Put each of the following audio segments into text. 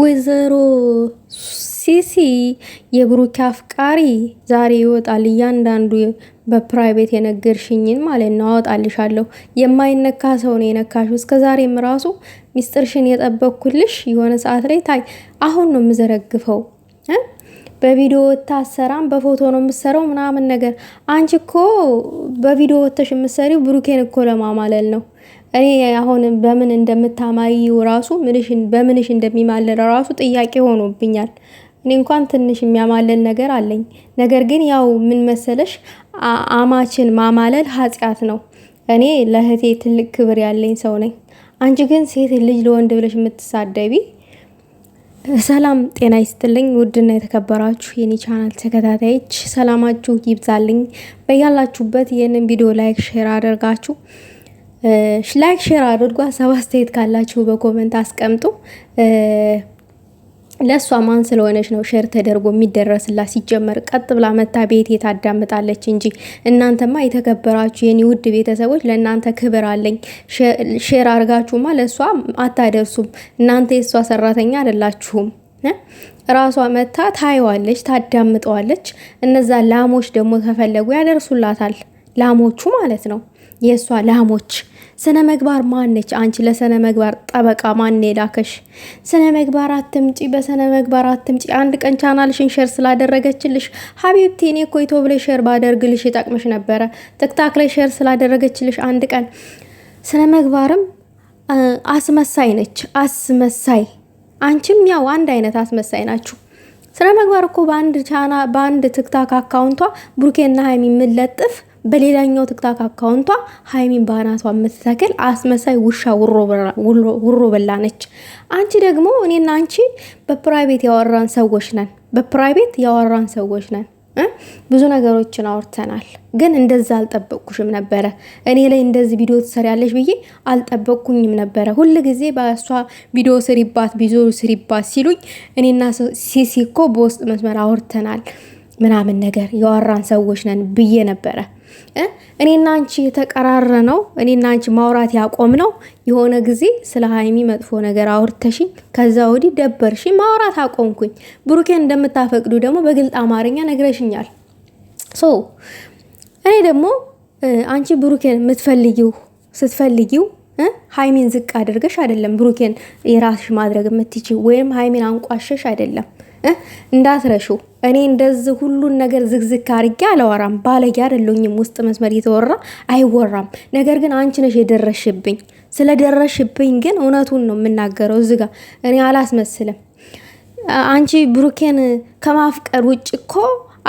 ወይዘሮ ሲሲ የብሩኬ አፍቃሪ ዛሬ ይወጣል። እያንዳንዱ በፕራይቬት የነገርሽኝን ማለት ነው አወጣልሻለሁ። የማይነካ ሰው ነው የነካሽው። እስከ ዛሬም ራሱ ሚስጥርሽን የጠበቅኩልሽ የሆነ ሰዓት ላይ ታይ። አሁን ነው የምዘረግፈው። በቪዲዮ ወታ አሰራም በፎቶ ነው የምሰራው ምናምን ነገር። አንቺ እኮ በቪዲዮ ወተሽ የምሰሪው ብሩኬን እኮ ለማማለል ነው። እኔ አሁን በምን እንደምታማይው ራሱ በምንሽ እንደሚማለል ራሱ ጥያቄ ሆኖብኛል። እኔ እንኳን ትንሽ የሚያማለን ነገር አለኝ። ነገር ግን ያው ምን መሰለሽ አማችን ማማለል ኃጢአት ነው። እኔ ለእህቴ ትልቅ ክብር ያለኝ ሰው ነኝ። አንቺ ግን ሴት ልጅ ለወንድ ብለሽ የምትሳደቢ። ሰላም ጤና ይስጥልኝ። ውድና የተከበራችሁ የኔ ቻናል ተከታታዮች ሰላማችሁ ይብዛልኝ። በያላችሁበት ይህንን ቪዲዮ ላይክ፣ ሼር አደርጋችሁ ላይክ ሼር አድርጎ ሀሳብ አስተያየት ካላችሁ በኮመንት አስቀምጡ። ለእሷ ማን ስለሆነች ነው ሼር ተደርጎ የሚደረስላት? ሲጀመር ቀጥ ብላ መታ ቤቴ ታዳምጣለች እንጂ። እናንተማ የተከበራችሁ የኔ ውድ ቤተሰቦች ለእናንተ ክብር አለኝ። ሼር አድርጋችሁማ ለእሷ አታደርሱም። እናንተ የእሷ ሰራተኛ አይደላችሁም። ራሷ መታ ታየዋለች፣ ታዳምጠዋለች። እነዛ ላሞች ደግሞ ከፈለጉ ያደርሱላታል። ላሞቹ ማለት ነው የእሷ ላሞች ስነ መግባር ማነች? አንቺ ለስነ መግባር ጠበቃ ማን ላከሽ? ስነ መግባር አትምጪ፣ በስነ መግባር አትምጪ። አንድ ቀን ቻናልሽን ሸር ስላደረገችልሽ ሀቢብቲ፣ እኔ እኮ ኢትዮ ብለሽ ሸር ባደርግልሽ ይጠቅምሽ ነበረ። ትክታክ ላይ ሸር ስላደረገችልሽ አንድ ቀን ስነ መግባርም አስመሳይ ነች፣ አስመሳይ። አንቺም ያው አንድ አይነት አስመሳይ ናችሁ። ስነ መግባር እኮ በአንድ ቻና በአንድ ትክታክ አካውንቷ ብሩኬና ሀይሚ የምለጥፍ በሌላኛው ትክታክ አካውንቷ ሀይሚን በአናቷ የምትተክል አስመሳይ ውሻ ውሮ በላ ነች። አንቺ ደግሞ እኔና አንቺ በፕራይቬት ያወራን ሰዎች ነን። በፕራይቬት ያወራን ሰዎች ነን። ብዙ ነገሮችን አውርተናል፣ ግን እንደዛ አልጠበቅኩሽም ነበረ። እኔ ላይ እንደዚህ ቪዲዮ ትሰሪያለሽ ብዬ አልጠበቅኩኝም ነበረ። ሁል ጊዜ በእሷ ቪዲዮ ስሪባት፣ ቪዲዮ ስሪባት ሲሉኝ እኔና ሲሲ እኮ በውስጥ መስመር አውርተናል ምናምን ነገር ያወራን ሰዎች ነን ብዬ ነበረ። እኔና አንቺ የተቀራረ ነው። እኔና አንቺ ማውራት ያቆም ነው። የሆነ ጊዜ ስለ ሀይሚ መጥፎ ነገር አውርተሽኝ ከዛ ወዲህ ደበርሽ፣ ማውራት አቆምኩኝ። ብሩኬን እንደምታፈቅዱ ደግሞ በግልጥ አማርኛ ነግረሽኛል። ሶ እኔ ደግሞ አንቺ ብሩኬን የምትፈልጊው ስትፈልጊው ሀይሚን ዝቅ አድርገሽ አይደለም ብሩኬን የራስሽ ማድረግ የምትችይው ወይም ሀይሚን አንቋሸሽ አይደለም እንዳትረሹ። እኔ እንደዚህ ሁሉን ነገር ዝግዝግ አድርጌ አላወራም። ባለጌ አይደለሁኝም። ውስጥ መስመር እየተወራ አይወራም። ነገር ግን አንቺ ነሽ የደረሽብኝ። ስለደረሽብኝ ግን እውነቱን ነው የምናገረው። እዚህ ጋር እኔ አላስመስልም። አንቺ ብሩኬን ከማፍቀር ውጭ እኮ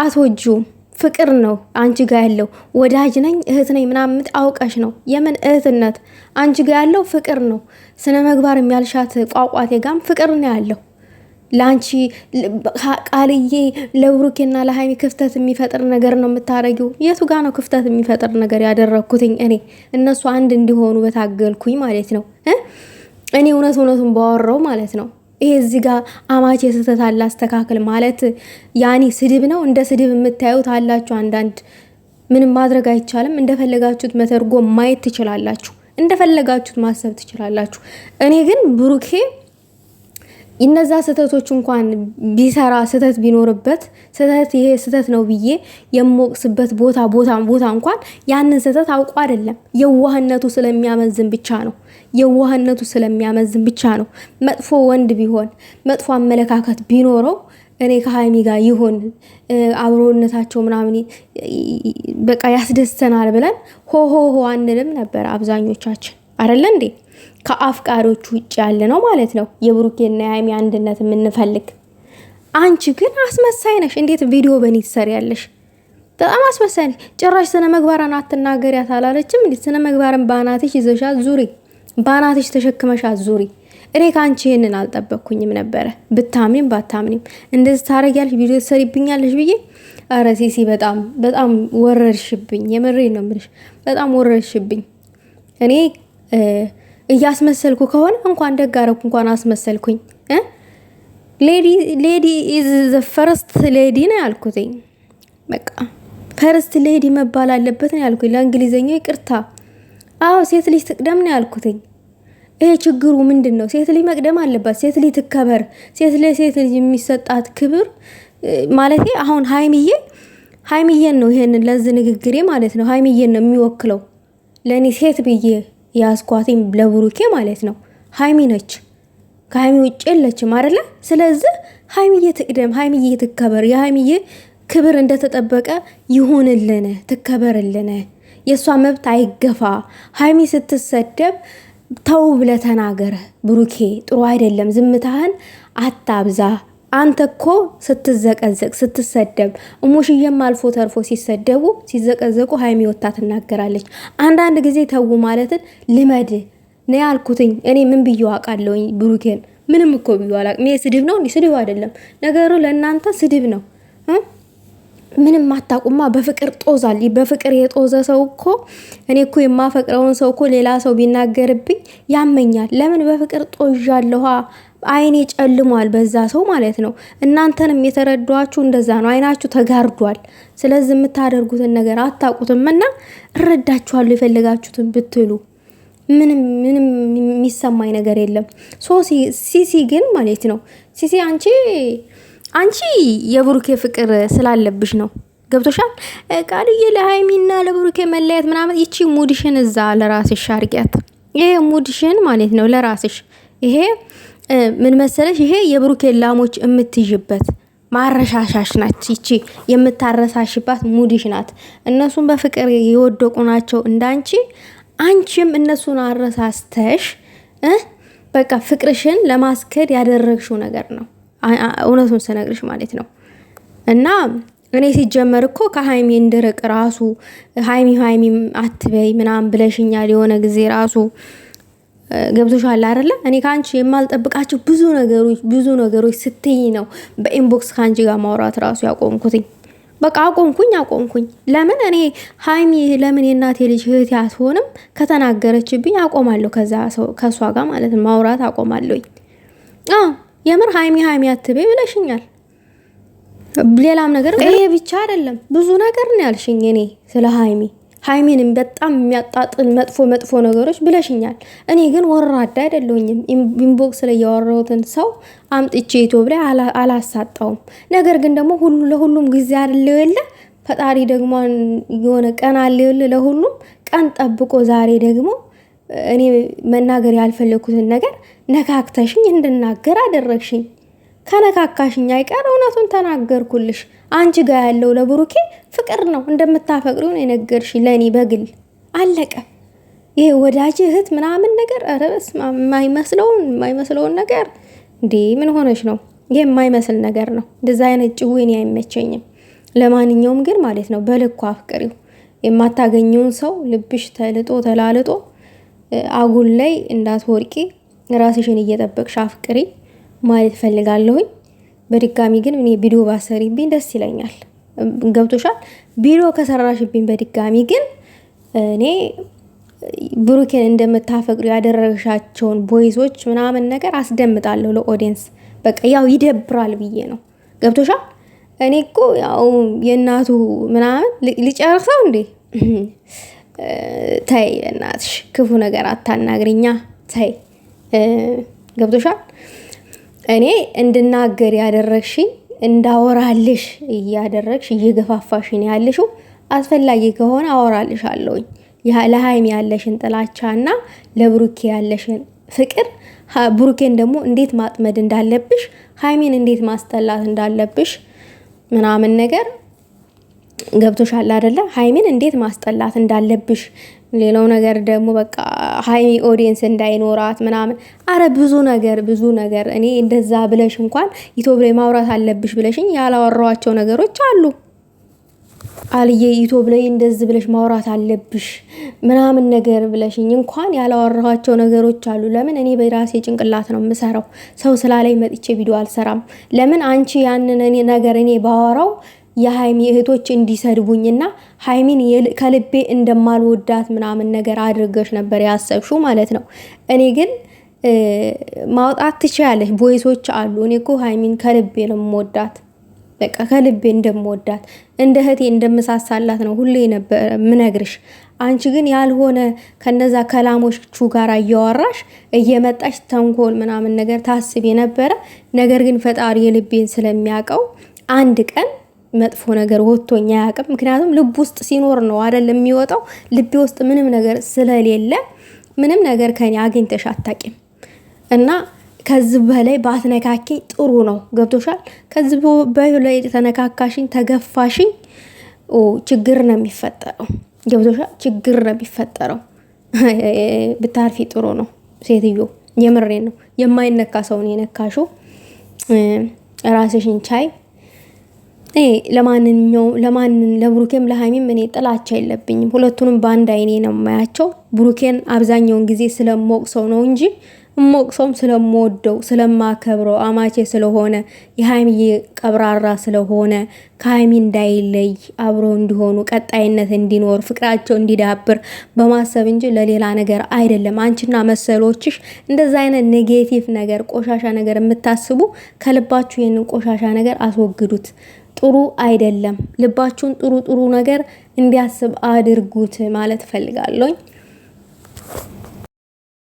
አትወጂውም። ፍቅር ነው አንቺ ጋ ያለው። ወዳጅ ነኝ እህት ነኝ ምናምን አውቀሽ ነው። የምን እህትነት አንቺ ጋ ያለው ፍቅር ነው። ስነ ምግባር የሚያልሻት ቋቋቴ ጋም ፍቅር ነው ያለው። ለአንቺ ቃልዬ ለብሩኬና ለሀይሚ ክፍተት የሚፈጥር ነገር ነው የምታረጊው። የቱ ጋ ነው ክፍተት የሚፈጥር ነገር ያደረግኩትኝ? እኔ እነሱ አንድ እንዲሆኑ በታገልኩኝ ማለት ነው። እኔ እውነት እውነቱን ባወራው ማለት ነው። ይሄ እዚህ ጋ አማቼ የስህተት አለ አስተካክል ማለት ያኔ ስድብ ነው። እንደ ስድብ የምታዩት አላችሁ። አንዳንድ ምንም ማድረግ አይቻልም። እንደፈለጋችሁት መተርጎ ማየት ትችላላችሁ። እንደፈለጋችሁት ማሰብ ትችላላችሁ። እኔ ግን ብሩኬ እነዛ ስህተቶች እንኳን ቢሰራ ስህተት ቢኖርበት ስህተት ይሄ ስህተት ነው ብዬ የምወቅስበት ቦታ ቦታ ቦታ እንኳን ያንን ስህተት አውቆ አይደለም። የዋህነቱ ስለሚያመዝን ብቻ ነው። የዋህነቱ ስለሚያመዝን ብቻ ነው። መጥፎ ወንድ ቢሆን መጥፎ አመለካከት ቢኖረው እኔ ከሀይሚ ጋር ይሆን አብሮነታቸው ምናምን በቃ ያስደስተናል ብለን ሆሆሆ አንልም ነበር አብዛኞቻችን አይደለ እንዴ? ከአፍቃሪዎች ውጭ ያለ ነው ማለት ነው። የብሩኬና የሀይሚ አንድነት የምንፈልግ አንቺ ግን አስመሳይ ነሽ። እንዴት ቪዲዮ በእኔ ትሰሪያለሽ? በጣም አስመሳይ ነሽ። ጭራሽ ስነ ምግባርን አትናገሪያት አላለችም? እንዴት ስነ መግባርን በአናትሽ ይዘሻ ዙሪ፣ በአናትሽ ተሸክመሻት ዙሪ። እኔ ከአንቺ ይህንን አልጠበቅኩኝም ነበረ። ብታምኒም ባታምኒም እንደዚህ ታረጊያለሽ፣ ቪዲዮ ትሰሪብኛለሽ ብዬ አረ ሲሲ በጣም በጣም ወረርሽብኝ። የምሬ ነው የምልሽ፣ በጣም ወረርሽብኝ እኔ እያስመሰልኩ ከሆነ እንኳን ደጋረኩ እንኳን አስመሰልኩኝ። ሌዲ ኢዝ ዘ ፈርስት ሌዲ ነው ያልኩትኝ። በቃ ፈርስት ሌዲ መባል አለበት ነው ያልኩኝ። ለእንግሊዘኛ ይቅርታ። አዎ ሴት ልጅ ትቅደም ነው ያልኩትኝ። ይሄ ችግሩ ምንድን ነው? ሴት ልጅ መቅደም አለባት። ሴት ልጅ ትከበር። ሴት ለሴት ልጅ የሚሰጣት ክብር ማለት አሁን ሀይሚዬ ሀይሚዬን ነው ይሄንን ለዚህ ንግግሬ ማለት ነው ሀይሚዬን ነው የሚወክለው ለእኔ ሴት ብዬ ያስኳትኝ ለብሩኬ ማለት ነው ሀይሚ ነች። ከሀይሚ ውጭ የለችም አይደለ? ስለዚህ ሀይሚዬ ትቅደም፣ ሀይሚዬ ትከበር። የሀይሚዬ ክብር እንደተጠበቀ ይሁንልን፣ ትከበርልን። የእሷ መብት አይገፋ። ሀይሚ ስትሰደብ ተው ብለ ተናገር ብሩኬ። ጥሩ አይደለም። ዝምታህን አታብዛ። አንተ እኮ ስትዘቀዘቅ ስትሰደብ እሙሽዬም አልፎ ተርፎ ሲሰደቡ ሲዘቀዘቁ ሀይሚ ወታ ትናገራለች። አንዳንድ ጊዜ ተዉ ማለትን ልመድ ነ ያልኩትኝ እኔ ምን ብዬ አውቃለሁኝ? ብሩኬን ምንም እኮ ብዬ አላውቅም። ስድብ ነው ስድብ አይደለም ነገሩ፣ ለእናንተ ስድብ ነው። ምንም ማታቁማ በፍቅር ጦዛል። በፍቅር የጦዘ ሰው እኮ እኔ እኮ የማፈቅረውን ሰው እኮ ሌላ ሰው ቢናገርብኝ ያመኛል። ለምን በፍቅር ጦዣለኋ? አይኔ ጨልሟል፣ በዛ ሰው ማለት ነው። እናንተንም የተረዷችሁ እንደዛ ነው። አይናችሁ ተጋርዷል። ስለዚህ የምታደርጉትን ነገር አታቁትም እና እረዳችኋለሁ። የፈለጋችሁትን ብትሉ ምንም ምንም የሚሰማኝ ነገር የለም። ሲሲ ግን ማለት ነው ሲሲ አንቺ አንቺ የብሩኬ ፍቅር ስላለብሽ ነው። ገብቶሻል። ቃልዬ ለሀይሚና ለብሩኬ መለያየት ምናምን ይቺ ሙድሽን እዛ ለራስሽ አርጊያት። ይሄ ሙድሽን ማለት ነው ለራስሽ። ይሄ ምን መሰለሽ፣ ይሄ የብሩኬ ላሞች የምትይዥበት ማረሻሻሽ ናት። ይቺ የምታረሳሽባት ሙድሽ ናት። እነሱን በፍቅር የወደቁ ናቸው እንዳንቺ። አንቺም እነሱን አረሳስተሽ በቃ ፍቅርሽን ለማስከድ ያደረግሽው ነገር ነው። እውነቱን ስነግርሽ ማለት ነው እና እኔ ሲጀመር እኮ ከሀይሚ እንድርቅ ራሱ ሀይሚ ሀይሚ አትበይ ምናምን ብለሽኛል የሆነ ጊዜ ራሱ ገብቶሻል አይደለ? እኔ ከአንቺ የማልጠብቃቸው ብዙ ነገሮች ብዙ ነገሮች ስትይ ነው በኢንቦክስ ከአንቺ ጋር ማውራት ራሱ ያቆምኩትኝ። በቃ አቆምኩኝ አቆምኩኝ። ለምን እኔ ሀይሚ ለምን የእናቴ ልጅ እህቴ አትሆንም ከተናገረችብኝ አቆማለሁ፣ ከዛ ከእሷ ጋር ማለት ማውራት አቆማለሁኝ። የምር ሀይሚ ሀይሚ አትቤ ብለሽኛል። ሌላም ነገር ይሄ ብቻ አይደለም፣ ብዙ ነገር ነው ያልሽኝ። እኔ ስለ ሀይሚ ሀይሚንም በጣም የሚያጣጥል መጥፎ መጥፎ ነገሮች ብለሽኛል። እኔ ግን ወራዳ አይደለሁኝም። ኢንቦክስ ላይ ያወራሁትን ሰው አምጥቼ ዩቲዩብ ላይ አላሳጣውም። ነገር ግን ደግሞ ሁሉ ለሁሉም ጊዜ አይደለው የለ ፈጣሪ ደግሞ የሆነ ቀን አለ ለሁሉም ቀን ጠብቆ ዛሬ ደግሞ እኔ መናገር ያልፈለግኩትን ነገር ነካክተሽኝ እንድናገር አደረግሽኝ። ከነካካሽኝ አይቀር እውነቱን ተናገርኩልሽ። አንቺ ጋር ያለው ለብሩኬ ፍቅር ነው፣ እንደምታፈቅሪውን የነገርሽ ለእኔ በግል አለቀ። ይህ ወዳጅ እህት ምናምን ነገር ኧረ በስመ አብ! የማይመስለውን የማይመስለውን ነገር እንዴ! ምን ሆነች ነው? ይህ የማይመስል ነገር ነው። እንደዛ አይነት ጭዌ እኔ አይመቸኝም። ለማንኛውም ግን ማለት ነው በልኩ አፍቅሪው። የማታገኘውን ሰው ልብሽ ተልጦ ተላልጦ አጉል ላይ እንዳትወርቂ ራስሽን እየጠበቅሽ አፍቅሪ ማለት ፈልጋለሁኝ። በድጋሚ ግን እኔ ቪዲዮ ባሰሪብኝ ደስ ይለኛል። ገብቶሻል? ቪዲዮ ከሰራሽብኝ በድጋሚ ግን እኔ ብሩኬን እንደምታፈቅዱ ያደረግሻቸውን ቦይዞች ምናምን ነገር አስደምጣለሁ ለኦዲየንስ። በቃ ያው ይደብራል ብዬ ነው። ገብቶሻል? እኔ እኮ ያው የእናቱ ምናምን ልጨርሰው እንዴ ተይ እናትሽ ክፉ ነገር አታናግርኛ፣ ተይ ገብቶሻል እኔ እንድናገር ያደረግሽኝ እንዳወራልሽ እያደረግሽ እየገፋፋሽን ያልሽው አስፈላጊ ከሆነ አወራልሽ አለውኝ ለሀይም ያለሽን ጥላቻ እና ለብሩኬ ያለሽን ፍቅር ብሩኬን ደግሞ እንዴት ማጥመድ እንዳለብሽ ሀይሜን እንዴት ማስጠላት እንዳለብሽ ምናምን ነገር ገብቶሻል አደለ? ሀይሚን እንዴት ማስጠላት እንዳለብሽ። ሌላው ነገር ደግሞ በቃ ሀይሚ ኦዲየንስ እንዳይኖራት ምናምን፣ አረ ብዙ ነገር ብዙ ነገር። እኔ እንደዛ ብለሽ እንኳን ዩቲዩብ ላይ ማውራት አለብሽ ብለሽኝ ያላወራኋቸው ነገሮች አሉ። አልዬ ዩቲዩብ ላይ እንደዚህ ብለሽ ማውራት አለብሽ ምናምን ነገር ብለሽኝ እንኳን ያላወራኋቸው ነገሮች አሉ። ለምን እኔ በራሴ ጭንቅላት ነው የምሰራው። ሰው ስላላይ መጥቼ ቪዲዮ አልሰራም። ለምን አንቺ ያንን ነገር እኔ ባወራው የሀይሚ እህቶች እንዲሰድቡኝና ሀይሚን ከልቤ እንደማልወዳት ምናምን ነገር አድርገሽ ነበር ያሰብሹ ማለት ነው። እኔ ግን ማውጣት ትችያለሽ። ቦይሶች አሉ። እኔ እኮ ሀይሚን ከልቤ ነው የምወዳት፣ በቃ ከልቤ እንደምወዳት እንደ እህቴ እንደምሳሳላት ነው ሁሌ ነበር ምነግርሽ። አንቺ ግን ያልሆነ ከነዛ ከላሞቹ ጋር እያወራሽ እየመጣሽ ተንኮል ምናምን ነገር ታስቤ ነበረ። ነገር ግን ፈጣሪ የልቤን ስለሚያውቀው አንድ ቀን መጥፎ ነገር ወጥቶኛ አያውቅም። ምክንያቱም ልብ ውስጥ ሲኖር ነው አይደል የሚወጣው። ልቤ ውስጥ ምንም ነገር ስለሌለ ምንም ነገር ከኔ አግኝተሽ አታቂም እና ከዚህ በላይ ባትነካኪ ጥሩ ነው። ገብቶሻል? ከዚህ በላይ ተነካካሽኝ፣ ተገፋሽኝ ችግር ነው የሚፈጠረው። ገብቶሻል? ችግር ነው የሚፈጠረው። ብታርፊ ጥሩ ነው ሴትዮ። የምሬ ነው። የማይነካ ሰውን የነካሹ ራስሽን ቻይ። እኔ ለማንኛው ለማንን ለብሩኬም ለሀይሚም እኔ ጥላቻ የለብኝም። ሁለቱንም በአንድ አይኔ ነው የማያቸው። ብሩኬን አብዛኛውን ጊዜ ስለምወቅሰው ነው እንጂ እምወቅሰውም ስለምወደው ስለማከብረው አማቼ ስለሆነ የሃይሚ ቀብራራ ስለሆነ ከሀይሚ እንዳይለይ አብረው እንዲሆኑ ቀጣይነት እንዲኖር ፍቅራቸው እንዲዳብር በማሰብ እንጂ ለሌላ ነገር አይደለም። አንቺና መሰሎችሽ እንደዛ አይነት ኔጌቲቭ ነገር ቆሻሻ ነገር የምታስቡ ከልባችሁ ይህንን ቆሻሻ ነገር አስወግዱት። ጥሩ አይደለም። ልባችሁን ጥሩ ጥሩ ነገር እንዲያስብ አድርጉት ማለት ፈልጋለሁኝ።